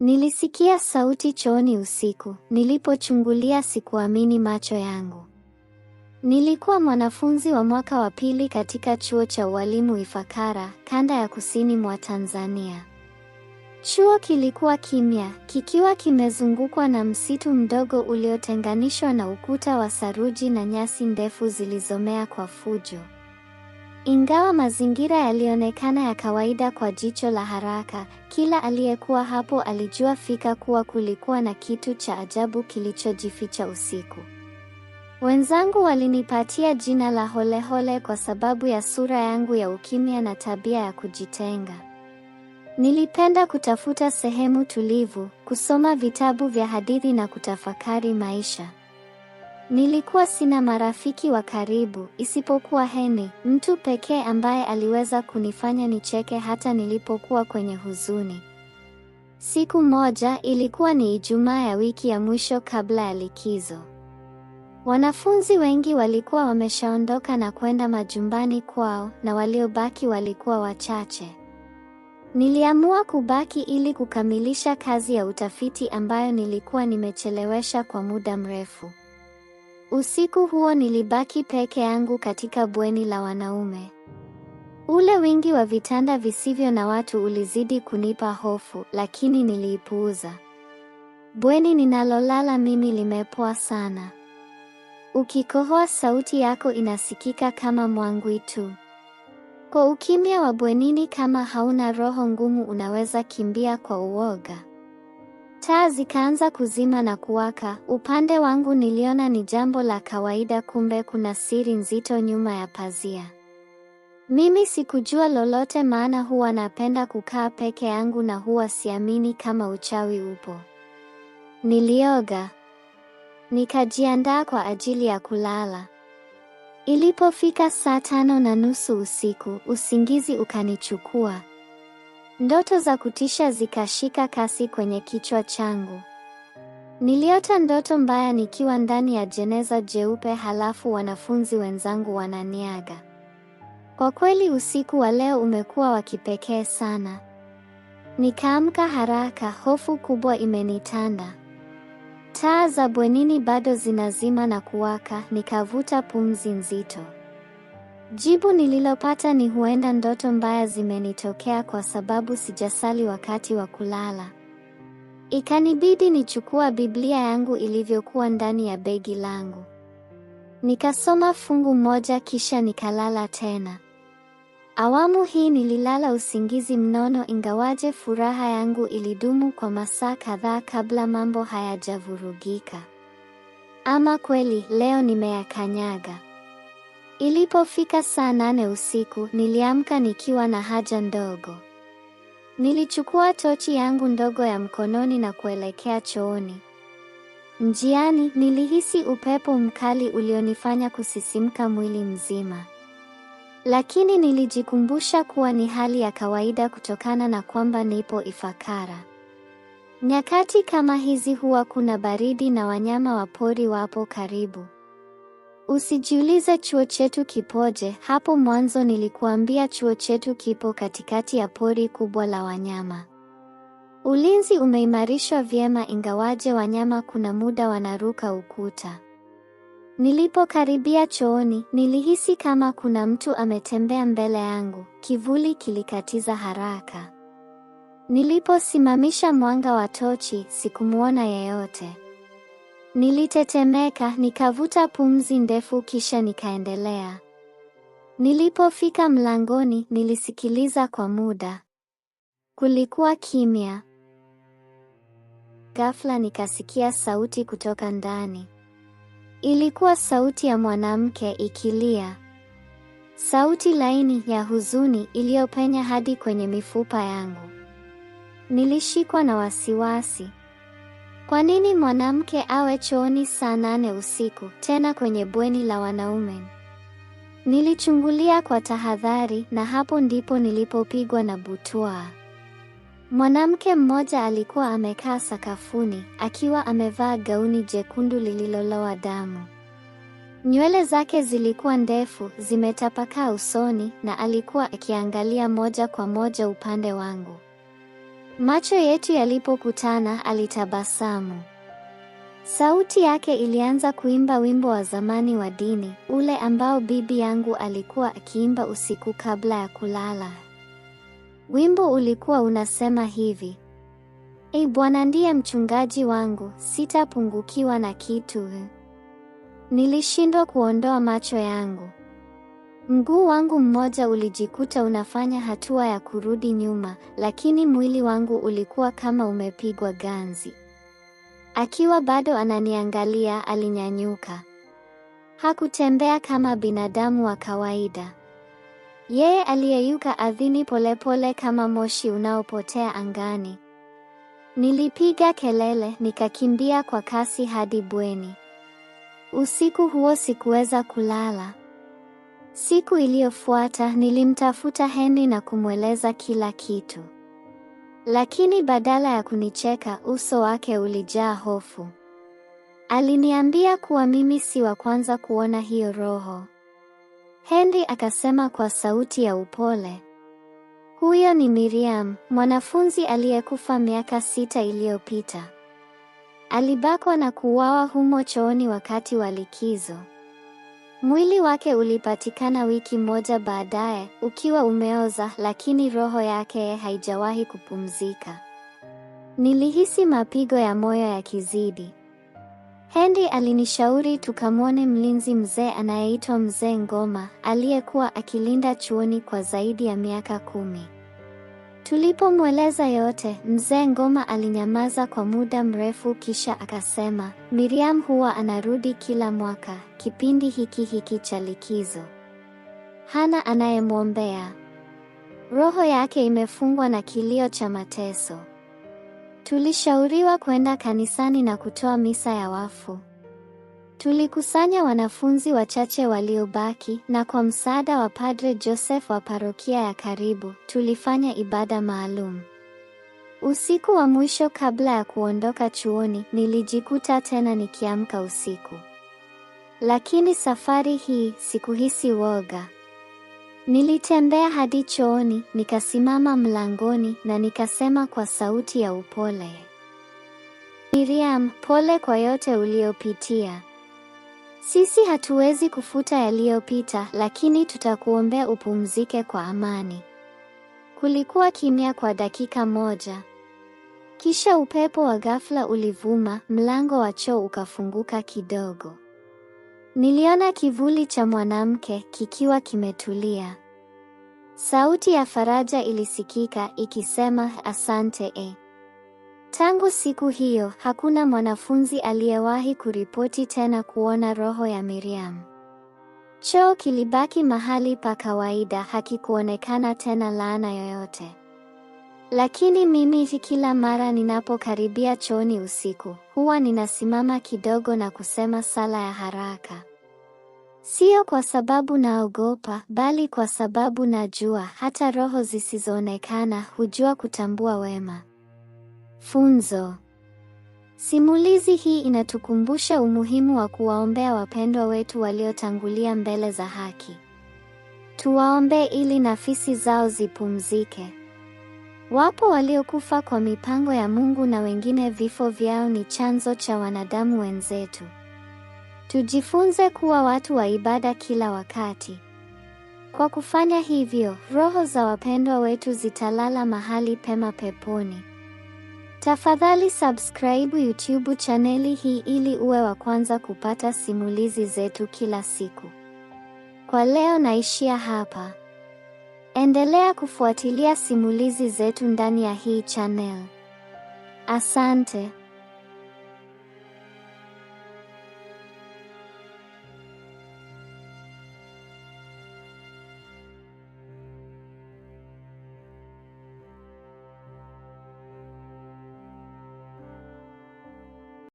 Nilisikia sauti chooni usiku, nilipochungulia sikuamini macho yangu. Nilikuwa mwanafunzi wa mwaka wa pili katika chuo cha ualimu Ifakara, kanda ya kusini mwa Tanzania. Chuo kilikuwa kimya, kikiwa kimezungukwa na msitu mdogo uliotenganishwa na ukuta wa saruji na nyasi ndefu zilizomea kwa fujo. Ingawa mazingira yalionekana ya kawaida kwa jicho la haraka, kila aliyekuwa hapo alijua fika kuwa kulikuwa na kitu cha ajabu kilichojificha usiku. Wenzangu walinipatia jina la Holehole kwa sababu ya sura yangu ya ukimya na tabia ya kujitenga. Nilipenda kutafuta sehemu tulivu, kusoma vitabu vya hadithi na kutafakari maisha. Nilikuwa sina marafiki wa karibu isipokuwa Heni, mtu pekee ambaye aliweza kunifanya nicheke hata nilipokuwa kwenye huzuni. Siku moja ilikuwa ni Ijumaa ya wiki ya mwisho kabla ya likizo. Wanafunzi wengi walikuwa wameshaondoka na kwenda majumbani kwao na waliobaki walikuwa wachache. Niliamua kubaki ili kukamilisha kazi ya utafiti ambayo nilikuwa nimechelewesha kwa muda mrefu. Usiku huo nilibaki peke yangu katika bweni la wanaume. Ule wingi wa vitanda visivyo na watu ulizidi kunipa hofu, lakini niliipuuza. Bweni ninalolala mimi limepoa sana. Ukikohoa sauti yako inasikika kama mwangwi tu. Kwa ukimya wa bwenini, kama hauna roho ngumu, unaweza kimbia kwa uoga. Taa zikaanza kuzima na kuwaka. Upande wangu niliona ni jambo la kawaida, kumbe kuna siri nzito nyuma ya pazia. Mimi sikujua lolote, maana huwa napenda kukaa peke yangu na huwa siamini kama uchawi upo. Nilioga, nikajiandaa kwa ajili ya kulala. Ilipofika saa tano na nusu usiku, usingizi ukanichukua. Ndoto za kutisha zikashika kasi kwenye kichwa changu. Niliota ndoto mbaya nikiwa ndani ya jeneza jeupe halafu wanafunzi wenzangu wananiaga. Kwa kweli usiku wa leo umekuwa wa kipekee sana. Nikaamka haraka, hofu kubwa imenitanda. Taa za bwenini bado zinazima na kuwaka, nikavuta pumzi nzito. Jibu nililopata ni huenda ndoto mbaya zimenitokea kwa sababu sijasali wakati wa kulala. Ikanibidi nichukua Biblia yangu ilivyokuwa ndani ya begi langu. Nikasoma fungu moja kisha nikalala tena. Awamu hii nililala usingizi mnono ingawaje furaha yangu ilidumu kwa masaa kadhaa kabla mambo hayajavurugika. Ama kweli leo nimeyakanyaga. Ilipofika saa nane usiku, niliamka nikiwa na haja ndogo. Nilichukua tochi yangu ndogo ya mkononi na kuelekea chooni. Njiani nilihisi upepo mkali ulionifanya kusisimka mwili mzima. Lakini nilijikumbusha kuwa ni hali ya kawaida kutokana na kwamba nipo Ifakara. Nyakati kama hizi huwa kuna baridi na wanyama wa pori wapo karibu. Usijiulize chuo chetu kipoje. Hapo mwanzo nilikuambia chuo chetu kipo katikati ya pori kubwa la wanyama. Ulinzi umeimarishwa vyema, ingawaje wanyama kuna muda wanaruka ukuta. Nilipokaribia chooni, nilihisi kama kuna mtu ametembea mbele yangu. Kivuli kilikatiza haraka. Niliposimamisha mwanga wa tochi, sikumwona yeyote. Nilitetemeka, nikavuta pumzi ndefu kisha nikaendelea. Nilipofika mlangoni, nilisikiliza kwa muda. Kulikuwa kimya. Ghafla nikasikia sauti kutoka ndani. Ilikuwa sauti ya mwanamke ikilia. Sauti laini ya huzuni iliyopenya hadi kwenye mifupa yangu. Nilishikwa na wasiwasi. Kwa nini mwanamke awe chooni saa nane usiku, tena kwenye bweni la wanaume? Nilichungulia kwa tahadhari na hapo ndipo nilipopigwa na butwa Mwanamke mmoja alikuwa amekaa sakafuni akiwa amevaa gauni jekundu lililolowa damu. Nywele zake zilikuwa ndefu, zimetapakaa usoni na alikuwa akiangalia moja kwa moja upande wangu. Macho yetu yalipokutana, alitabasamu. Sauti yake ilianza kuimba wimbo wa zamani wa dini, ule ambao bibi yangu alikuwa akiimba usiku kabla ya kulala. Wimbo ulikuwa unasema hivi: Ee Bwana ndiye mchungaji wangu, sitapungukiwa na kitu. Nilishindwa kuondoa macho yangu. Mguu wangu mmoja ulijikuta unafanya hatua ya kurudi nyuma, lakini mwili wangu ulikuwa kama umepigwa ganzi. Akiwa bado ananiangalia, alinyanyuka. Hakutembea kama binadamu wa kawaida. Yeye aliyeyuka ardhini polepole kama moshi unaopotea angani. Nilipiga kelele, nikakimbia kwa kasi hadi bweni. Usiku huo sikuweza kulala. Siku iliyofuata nilimtafuta Henry na kumweleza kila kitu, lakini badala ya kunicheka, uso wake ulijaa hofu. Aliniambia kuwa mimi si wa kwanza kuona hiyo roho. Henry akasema kwa sauti ya upole, huyo ni Miriam, mwanafunzi aliyekufa miaka sita iliyopita. Alibakwa na kuuawa humo chooni wakati wa likizo. Mwili wake ulipatikana wiki moja baadaye ukiwa umeoza, lakini roho yake haijawahi kupumzika. Nilihisi mapigo ya moyo yakizidi. Hendi alinishauri tukamwone mlinzi mzee anayeitwa Mzee Ngoma aliyekuwa akilinda chuoni kwa zaidi ya miaka kumi. Tulipomweleza yote, mzee Ngoma alinyamaza kwa muda mrefu kisha akasema, Miriam huwa anarudi kila mwaka, kipindi hiki hiki cha likizo. Hana anayemwombea. Roho yake imefungwa na kilio cha mateso. Tulishauriwa kwenda kanisani na kutoa misa ya wafu. Tulikusanya wanafunzi wachache waliobaki na kwa msaada wa Padre Joseph wa parokia ya karibu, tulifanya ibada maalum. Usiku wa mwisho kabla ya kuondoka chuoni, nilijikuta tena nikiamka usiku. Lakini safari hii sikuhisi woga. Nilitembea hadi chooni, nikasimama mlangoni na nikasema kwa sauti ya upole, Miriam, pole kwa yote uliyopitia. Sisi hatuwezi kufuta yaliyopita, lakini tutakuombea upumzike kwa amani. Kulikuwa kimya kwa dakika moja, kisha upepo wa ghafla ulivuma, mlango wa choo ukafunguka kidogo. Niliona kivuli cha mwanamke kikiwa kimetulia. Sauti ya faraja ilisikika ikisema, asante e. Tangu siku hiyo, hakuna mwanafunzi aliyewahi kuripoti tena kuona roho ya Miriam. Choo kilibaki mahali pa kawaida, hakikuonekana tena laana yoyote. Lakini mimi kila mara ninapokaribia chooni usiku, huwa ninasimama kidogo na kusema sala ya haraka. Sio kwa sababu naogopa, bali kwa sababu najua hata roho zisizoonekana hujua kutambua wema. Funzo: simulizi hii inatukumbusha umuhimu wa kuwaombea wapendwa wetu waliotangulia mbele za haki. Tuwaombee ili nafsi zao zipumzike. Wapo waliokufa kwa mipango ya Mungu na wengine vifo vyao ni chanzo cha wanadamu wenzetu. Tujifunze kuwa watu wa ibada kila wakati. Kwa kufanya hivyo, roho za wapendwa wetu zitalala mahali pema peponi. Tafadhali subscribe YouTube chaneli hii ili uwe wa kwanza kupata simulizi zetu kila siku. Kwa leo naishia hapa. Endelea kufuatilia simulizi zetu ndani ya hii channel. Asante.